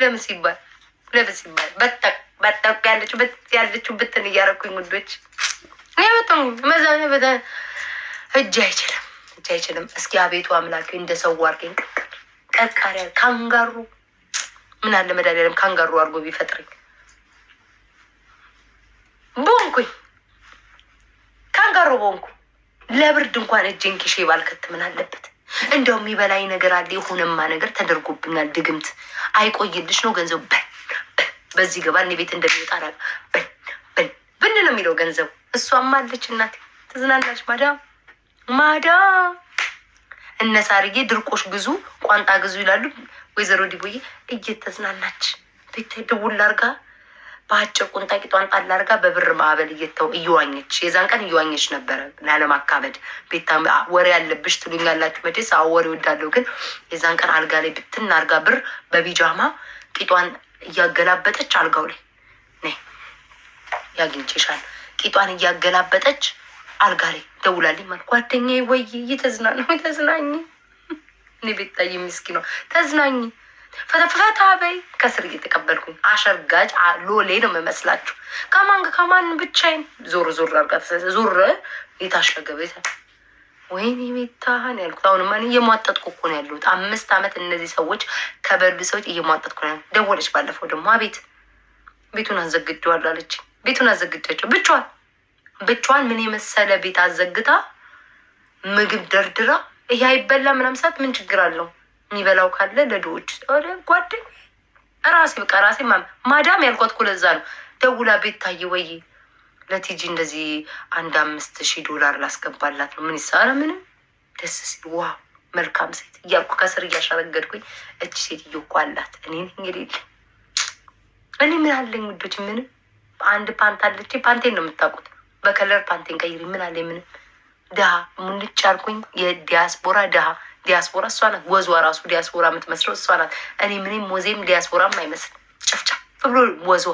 ለምን ሲባል ለምን ሲባል በጠቅ ያለችው ያለችው ብትን እያረኩኝ ውዶች፣ እጅ አይችልም እጅ አይችልም። እስኪ አቤቱ አምላክ እንደ ሰው አርገኝ። ቀቃሪ ካንጋሩ ምን አለ መድኃኒዓለም ካንጋሩ አድርጎ ቢፈጥረኝ ቦንኩኝ ካንጋሩ ቦንኩ ለብርድ እንኳን እጄን ኪሼ ባልከት ምን አለበት? እንደው የሚበላይ ነገር አለ። የሆነማ ነገር ተደርጎብኛል። ድግምት አይቆይልሽ ነው ገንዘቡ። በ በዚህ ገባ እኔ ቤት እንደሚወጣ ራቅ ብን ነው የሚለው ገንዘቡ። እሷም አለች እናቴ ትዝናናች። ማዳ ማዳ እነ ድርቆሽ ግዙ፣ ቋንጣ ግዙ ይላሉ። ወይዘሮ ዲቦዬ እየተዝናናች ቤት ደውል በአጭር ቁንጣ ቂጧን ጣል አድርጋ በብር ማዕበል እየተው እየዋኘች የዛን ቀን እየዋኘች ነበረ። ላለማካበድ ቤታ ወሬ ያለብሽ ትሉኛላችሁ መቼስ አዎ ወሬ ወዳለሁ፣ ግን የዛን ቀን አልጋ ላይ ብትና አድርጋ ብር በቢጃማ ቂጧን እያገላበጠች አልጋው ላይ ነይ ያግኝቼሻል። ቂጧን እያገላበጠች አልጋ ላይ ደውላልኝ ማለት ጓደኛዬ፣ ወይ ተዝናኝ ተዝናኝ፣ እኔ ቤታዬ ምስኪ ነው ተዝናኝ ፈተፈታ በይ ከስር እየተቀበልኩኝ አሸርጋጅ ሎሌ ነው የምመስላችሁ። ከማን ከማን ብቻዬን ዞር ዞር አርጋ ዞር የታሸገ ቤት ወይኔ ቤታህን ያልኩት። አሁን ማን እየሟጠጥኩ እኮ ነው ያለሁት። አምስት ዓመት እነዚህ ሰዎች ከበርድ ሰዎች እየሟጠጥኩ ነው። ደወለች ባለፈው ደግሞ አቤት ቤቱን አዘግጀዋል አለች። ቤቱን አዘግጃቸው ብቻዋን ብቻዋን ምን የመሰለ ቤት አዘግታ ምግብ ደርድራ ይሄ አይበላ ምናምን ሰዓት ምን ችግር አለው? የሚበላው ካለ ለድዎች ጓደ ራሴ በቃ ራሴ ማ ማዳም ያልኳት እኮ ነው። ደውላ ቤት ታየ ወይ ለቲጂ እንደዚህ አንድ አምስት ሺህ ዶላር ላስገባላት ነው። ምን ይሰራ ምንም ደስ ሲል ዋ መልካም ሴት እያልኩ ከስር እያሸረገድኩኝ እች ሴትዮ እኮ አላት። እኔ እንግዲህ እኔ ምን አለኝ ውዶች፣ ምንም አንድ ፓንት አለች። ፓንቴን ነው የምታውቁት። በከለር ፓንቴን ቀይሪ ምን አለኝ ምንም ድሃ ሙንጭ አልኩኝ። የዲያስፖራ ድሃ ዲያስፖራ እሷ ናት። ወዟ ራሱ ዲያስፖራ የምትመስለው እሷ ናት። እኔ ምንም ሞዜም ዲያስፖራም አይመስል ጭፍጭፍ ብሎ ወዞ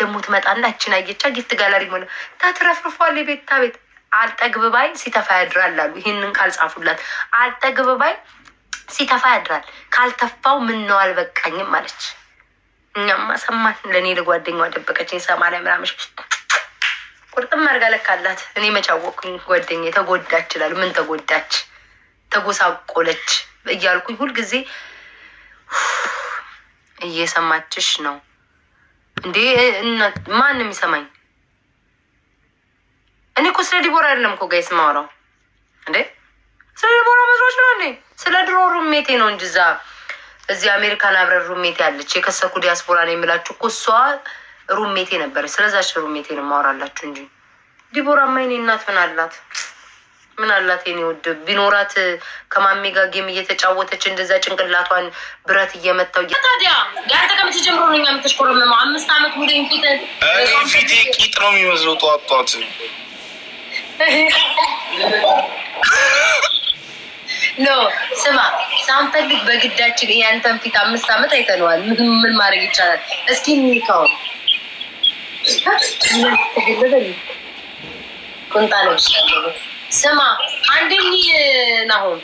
ደግሞ ትመጣና እችን አየቻ ጊፍት ጋላሪ ሆነ ታትረፍርፏል። የቤታ ቤት አልጠግብባይ ሲተፋ ያድራል አሉ። ይህንን ካልጻፉላት አልጠግብባይ ሲተፋ ያድራል፣ ካልተፋው ምን ነው አልበቃኝም አለች። እኛማ ሰማን። ለእኔ ለጓደኛዋ ደበቀችኝ። ሰማንያ ምናምሽ ቁርጥም አድርጋ ለካላት። እኔ መቻወቅኩኝ ጓደኛ ተጎዳች ይላሉ። ምን ተጎዳች? ተጎሳቆለች እያልኩኝ ሁልጊዜ እየሰማችሽ ነው እንዴ? ማንም የሚሰማኝ? እኔ እኮ ስለ ዲቦራ አይደለም እኮ ጋይስ ማውራው እንዴ፣ ስለ ዲቦራ መስሮች ነው እንዴ? ስለ ድሮ ሩሜቴ ነው እንጂ እዛ እዚህ አሜሪካን አብረን ሩሜቴ አለች። የከሰኩ ዲያስፖራ ነው የሚላችሁ እኮ እሷ ሩሜቴ ነበረች። ስለዛች ሩሜቴ ነው ማውራላችሁ እንጂ ዲቦራ ማይኔ እናት ምን አላት? ምን አላት የኔ ውድ ቢኖራት ከማሜ ጋር ጌም እየተጫወተች እንደዛ ጭንቅላቷን ብረት እየመታው ታዲያ ያንተ ቀምት ጀምሮ ነው ነው አምስት አመት ሙሉ ፊት ፊቴ ቂጥ ነው የሚመስለው ጠዋት ኖ ስማ፣ ሳንፈልግ በግዳችን ያንተን ፊት አምስት አመት አይተነዋል። ምን ማድረግ ይቻላል? እስኪ ሚካው ቁንጣ ነው ይሻለ ስማ አንደኝ ናሆን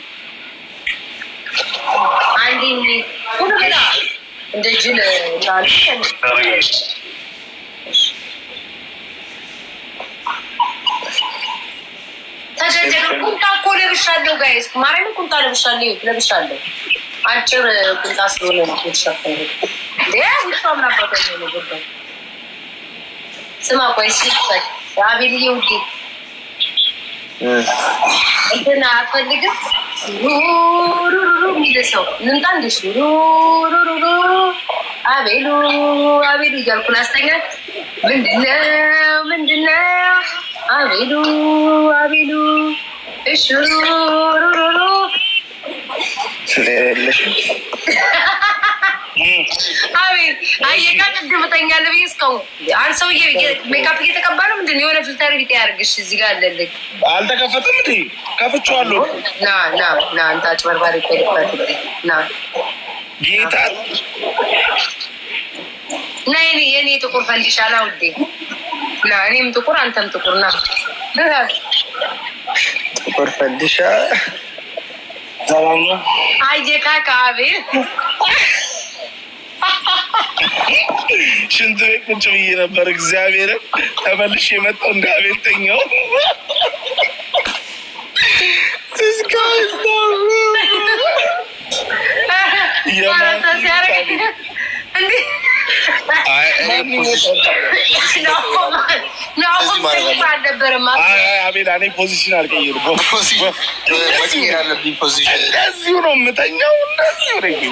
አንደኝ ሁላ እንደ ጅል ተገደደ። ቁምጣ እኮ ለብሻለሁ፣ ጋይስ ማርያምን ቁምጣ ለብሻለሁ ለብሻለሁ። አጭር ቁምጣ ስለሆነ ነው የተሸፈነው። ስማ ቆይ አቤልዬ ውዴ እንትን አትፈልግም ሩሩሩ የሚል ሰው እንምጣ እንዲሽ ሩሩሩ አቤሉ አቤሉ እያልኩ ላስተኛት። ምንድነው ምንድነው አቤሉ አቤሉ እሽ ሩሩሩ አቤት አየቃ ቅድም እተኛለሁ ብዬሽ እስካሁን አንድ ሰውዬ ሜካፕ እየተቀባ ነው። ምንድን ነው የሆነ ፊልተር ቢጤ ያደርግሽ እዚህ ጋር አለልኝ። አልተከፈተም እንዴ? ከፍቼዋለሁ። ና ና ና፣ አንተ አጭበርባሪ ቆልበት ና ጌታ እና የኔ የኔ ጥቁር ፈንዲሻ ና ውዴ ና፣ እኔም ጥቁር አንተም ጥቁር ና፣ ጥቁር ፈንዲሻ አየካካ አቤት ሽንት ቤት ቁጭ ብዬ ነበር። እግዚአብሔርን ተመልሽ የመጣው እንደ ቤተኛው ፖዚሽን እንደዚሁ ነው የምተኛው። እንደዚሁ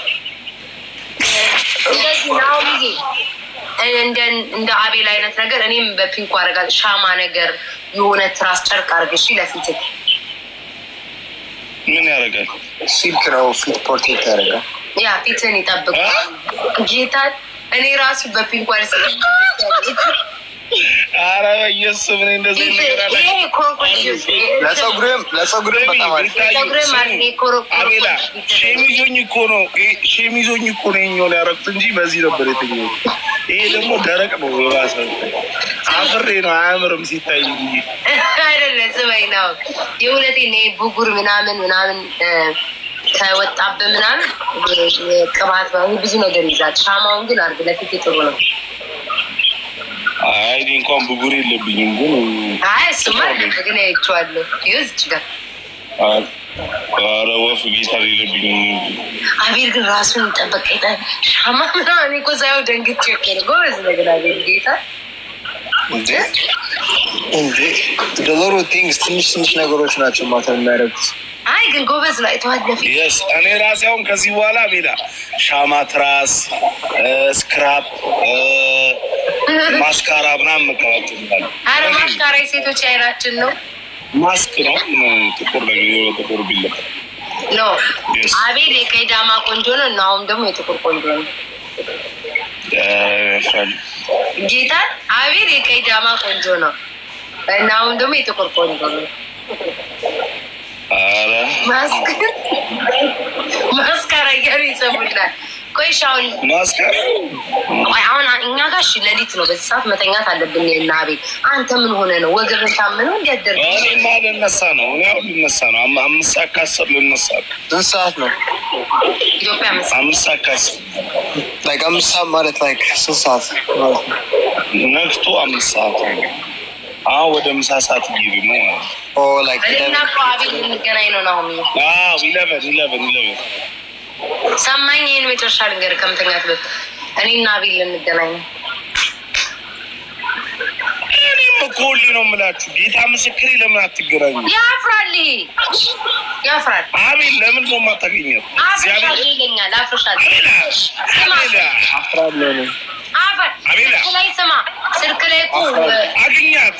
እንደ እንደ አቤል አይነት ነገር እኔም በፒንኩ አደርጋል ሻማ ነገር የሆነ ትራስ ጨርቅ አድርግሽ ለፊት ምን ያደርጋል? ሲልክ ነው ፊት ፖርቴት ያደርጋል። ያ ፊትን ይጠብቃል። ጌታ እኔ ራሱ በፒንኩ አረ በኢየሱስ ምን እንደዚህ እንጂ በዚህ ነበር የተኛው። ይሄ ደግሞ ደረቅ ነው። አፍሬ ነው አያምርም ሲታይ አይደለ ስበይ ነው የእውነቴ ነው። ብጉር ምናምን ምናምን ከወጣብህ ምናምን ቅባት ብዙ ነገር ይዛል። ሻማውን ግን አርግ ለፊት ጥሩ ነው። አይ እኔ እንኳን ብጉር የለብኝም፣ ግን አይ እሱማ ግን አይቼዋለሁ። ይኸው እዚህ ጋር ኧረ ወፍ ጊታር የለብኝም። አቤል ግን ራሱን ጠበቀ። ሻማ ምናምን እኔ እኮ ሳይሆን ደንግጬ እኮ ነው። ጎበዝ ነው ግን አቤል ጌታ እንዴ እንዴ ዶሎሮ ቲንግስ ትንሽ ትንሽ ነገሮች ናቸው ማታ የሚያደርጉት። አይ ግን ጎበዝ ላይ አይተዋል። ለፊስ እኔ ራሴ አሁን ከዚህ በኋላ ሜዳ ሻማ ትራስ ስክራፕ ማስካራ ምናምን መቀባት አረ ማስካራ የሴቶች አይናችን ነው። ማስክ ነው። ጥቁር ጥቁር ቢለበ ኖ አቤል የቀይ ዳማ ቆንጆ ነው እና አሁን ደግሞ የጥቁር ቆንጆ ነው። ጌታ አቤል የቀይ ቆንጆ ነው እና አሁን ደግሞ የጥቁር ቆንጆ ነው። ማስካራ እያሉ ይጽፉላል። ቆይ አሁን አሁን እኛ ጋር እሺ፣ ነው፣ በዚህ ሰዓት መተኛት አለብን። እና አንተ ምን ሆነ ነው ወገብ ታምነው እንዲያደርግ እኔማ ልነሳ ነው። እኔ አሁን ልነሳ ነው። አምስት ሰዓት ከአስር ልነሳ ነው። ስንት ሰዓት ነው ኢትዮጵያ? አምስት ሰዓት ከአስር ላይክ አምስት ሰዓት ማለት ላይክ ስንት ሰዓት ነግቶ አምስት ሰዓት አሁን ወደ ምሳ ሰዓት እየሄድን ነው ማለት ነው Oh, ልንገናኝ ah, ሰማኝ። ይህን መጨረሻ ልንገርህ ከምተኛት በት እኔ እና አቤል ልንገናኝ ነው። እኔም እኮ ሁሌ ነው የምላችሁ። ጌታ ምስክሬ። ለምን አትገናኙ? ያፍራል፣ ያፍራል። አቤል ለምን ነው የማታገኘው? አፍራል ይለኛል። አፍርሻል። ስልክ ላይ ስማ፣ ስልክ ላይ አግኛት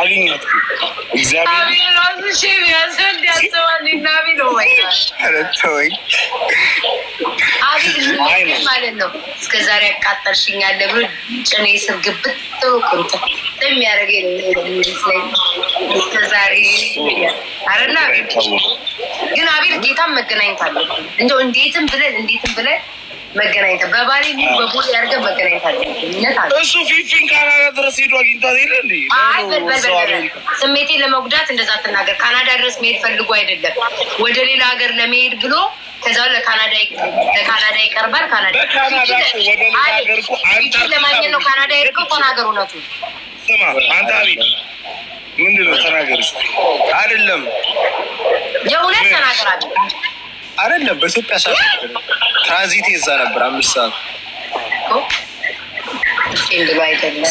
አግኛት እግዚአብሔር ማለት ነው። እስከ ዛሬ ያቃጠልሽኛል ብሎ ጭኔ ስር ግብት የሚያደርገኝ ግን አቤል ጌታም መገናኘት እንደው እንዴትም ብለን እንዴትም ብለን መገናኘት በባሌ በቦሌ አድርገን መገናኘት አለ። እሱ ፊፊን ካናዳ ድረስ ሄዶ አግኝቷት የለ ስሜቴን ለመጉዳት እንደዛ አትናገር። ካናዳ ድረስ መሄድ ፈልጎ አይደለም ወደ ሌላ ሀገር ለመሄድ ብሎ ከዛው ለካናዳ ለካናዳ ይቀርባል። ካናዳ ለማግኘት ነው ካናዳ ሄድከው ተናገር እውነቱን። ስማ አንተ አቤት ምንድን ነው ተናገር። አይደለም የእውነት ተናገር። አይደለም በኢትዮጵያ ሳ ትራንዚት የዛ ነበር አምስት ሰዓት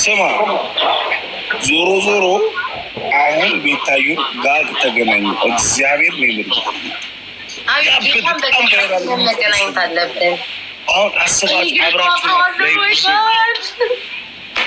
ስማ፣ ዞሮ ዞሮ አሁን ቤታዩ ጋር ተገናኙ። እግዚአብሔር ነው ይምል አሁን አስባችሁ አብራችሁ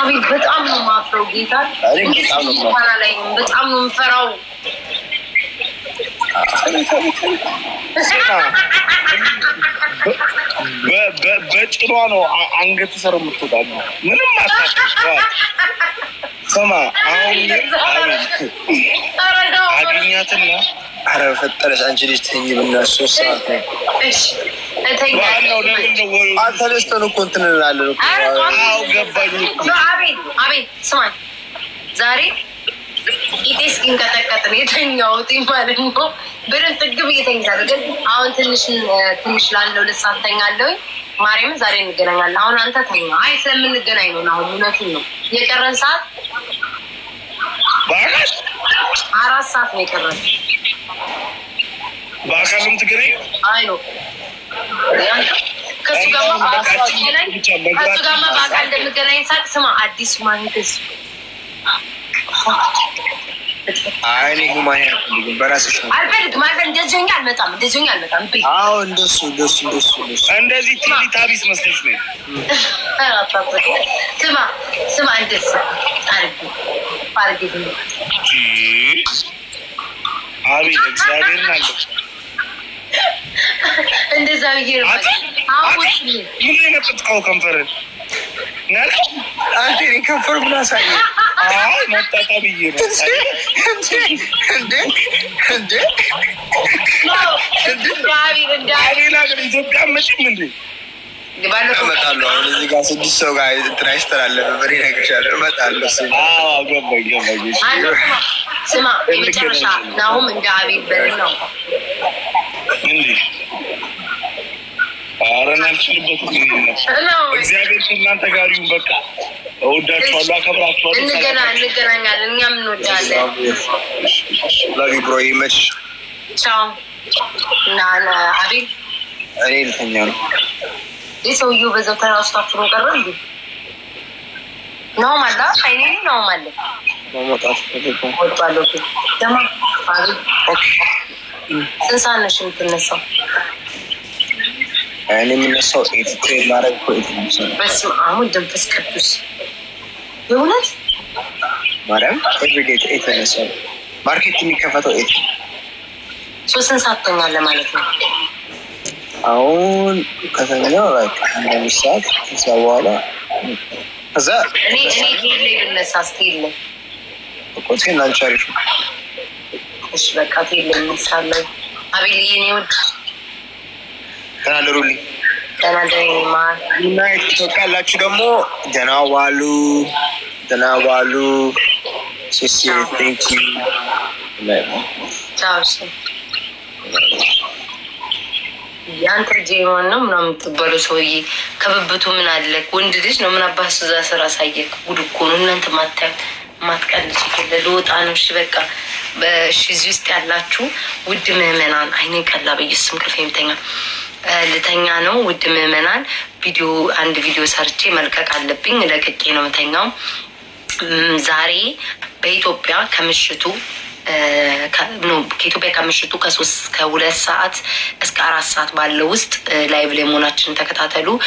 አቤት በጣም ነው የማፍረው ጌታ ላይ በጣም ነው የምፈራው። በጭሯ ነው አንገት ሰር የምትወጣ ምንም ስማ፣ አሁን አገኛትና ኧረ በፈጠረች አንቺ ልጅ ተኝ ብና ሶስት ሰዓት ነው ተነስተን እኮ እንትን እንላለን። አቤት ስማኝ ዛሬ ቂጤ እስኪንቀጠቀጥ ነው የተኛሁት ማለት ነው። ብርን ጥግብ እየተኛል ግን አሁን ትንሽ ትንሽ ላለው ልሳት ተኛለሁ። ማርያምን ዛሬ እንገናኛለን። አሁን አንተ ተኛ። አይ ስለምንገናኝ ነው። አሁን እውነቱን ነው የቀረን ሰዓት አራት ሰዓት ነው የቀረን። በአካልም ትገናኝ አይ ነው ከሱ ጋማ በአካል እንደምገናኝ ሳቅ። ስማ አዲስ ማኒቴስ አልፈልግም። እንደዚህ ሆኜ አልመጣም። እንደዚህ ሆኜ አልመጣም። እንደሱ እንደሱ እንደሱ እንደዚህ ታቢስ መስለሽ ነው። ስማ ስማ እንደሱ አድርጌ አድርጌ አቤት እግዚአብሔርን አለ እንደዛ ብዬ ነው ምን የነጠጥከው ከንፈርን አንተ እኔ ከንፈር ምን አሳየ መጣጣ ብዬ ነው ኢትዮጵያ መጭም እንዴ እመጣለሁ። አሁን እዚህ ጋር ስድስት ሰው ጋር እንትን አይስተላለፍ ስማ፣ የመጨረሻ ናሁም እንደ አቤል በል ነው እንዴ አረን ጋር ይሁን። በቃ እወዳችኋለሁ፣ አከብራችኋለሁ። እንገናኛለን። እኛም እንወዳለን። ላቪ ብሮ ይመች ቻው። እኔ ልተኛ ነው። ይህ ሰውዬው በዛው ቀረ ነው ማለ ነው ማለ ወጣለሁ ስንት ሰዓት ነሽ የምትነሳው? እኔ የምነሳው ኤት ማድረግ ኮኤት በስመ አብ መንፈስ ቅዱስ የእውነት ማርያም ኤቭሪዴ ኤት ነሳው። ማርኬት የሚከፈተው ኤት ሶስትን ሰዓት ተኛለህ ማለት ነው። አሁን ከተኛው አንድ ሰዓት ከዛ በኋላ ከዛ እኔ እኔ ላይ ብነሳ ስቴ የለም እኮ ቴና ነው እሺ በቃ ትሄለኝ እልሻለሁ። አቤልዬ እኔ ውድ ደህና ደሩልኝ። ደህና ደሩ ማር እና ኢትዮጵያ ያላችሁ ደግሞ ደህና ዋሉ፣ ደህና ዋሉ። ሲሲ ቴንክ ዩ ቻው። እሺ የአንተ ጄማን ነው ምናምን የምትባለው ሰውዬ ከብብቱ ምን አለ ወንድ ልጅ ነው ምን አባስ እዛ ስራ ሳየክ ጉድ እኮ ነው እናንተ ማታዩት ማትቀንስ ልወጣ ነው። እሺ በቃ እሺ። እዚህ ውስጥ ያላችሁ ውድ ምዕመናን፣ አይኔ ቀላ በኢየሱስም ክርፍ የሚተኛ ልተኛ ነው። ውድ ምዕመናን፣ ቪዲዮ አንድ ቪዲዮ ሰርቼ መልቀቅ አለብኝ። ለቅቄ ነው ምተኛው ዛሬ በኢትዮጵያ ከምሽቱ ከኢትዮጵያ ከምሽቱ ከሶስት ከሁለት ሰዓት እስከ አራት ሰዓት ባለው ውስጥ ላይቭ ላይ መሆናችንን ተከታተሉ።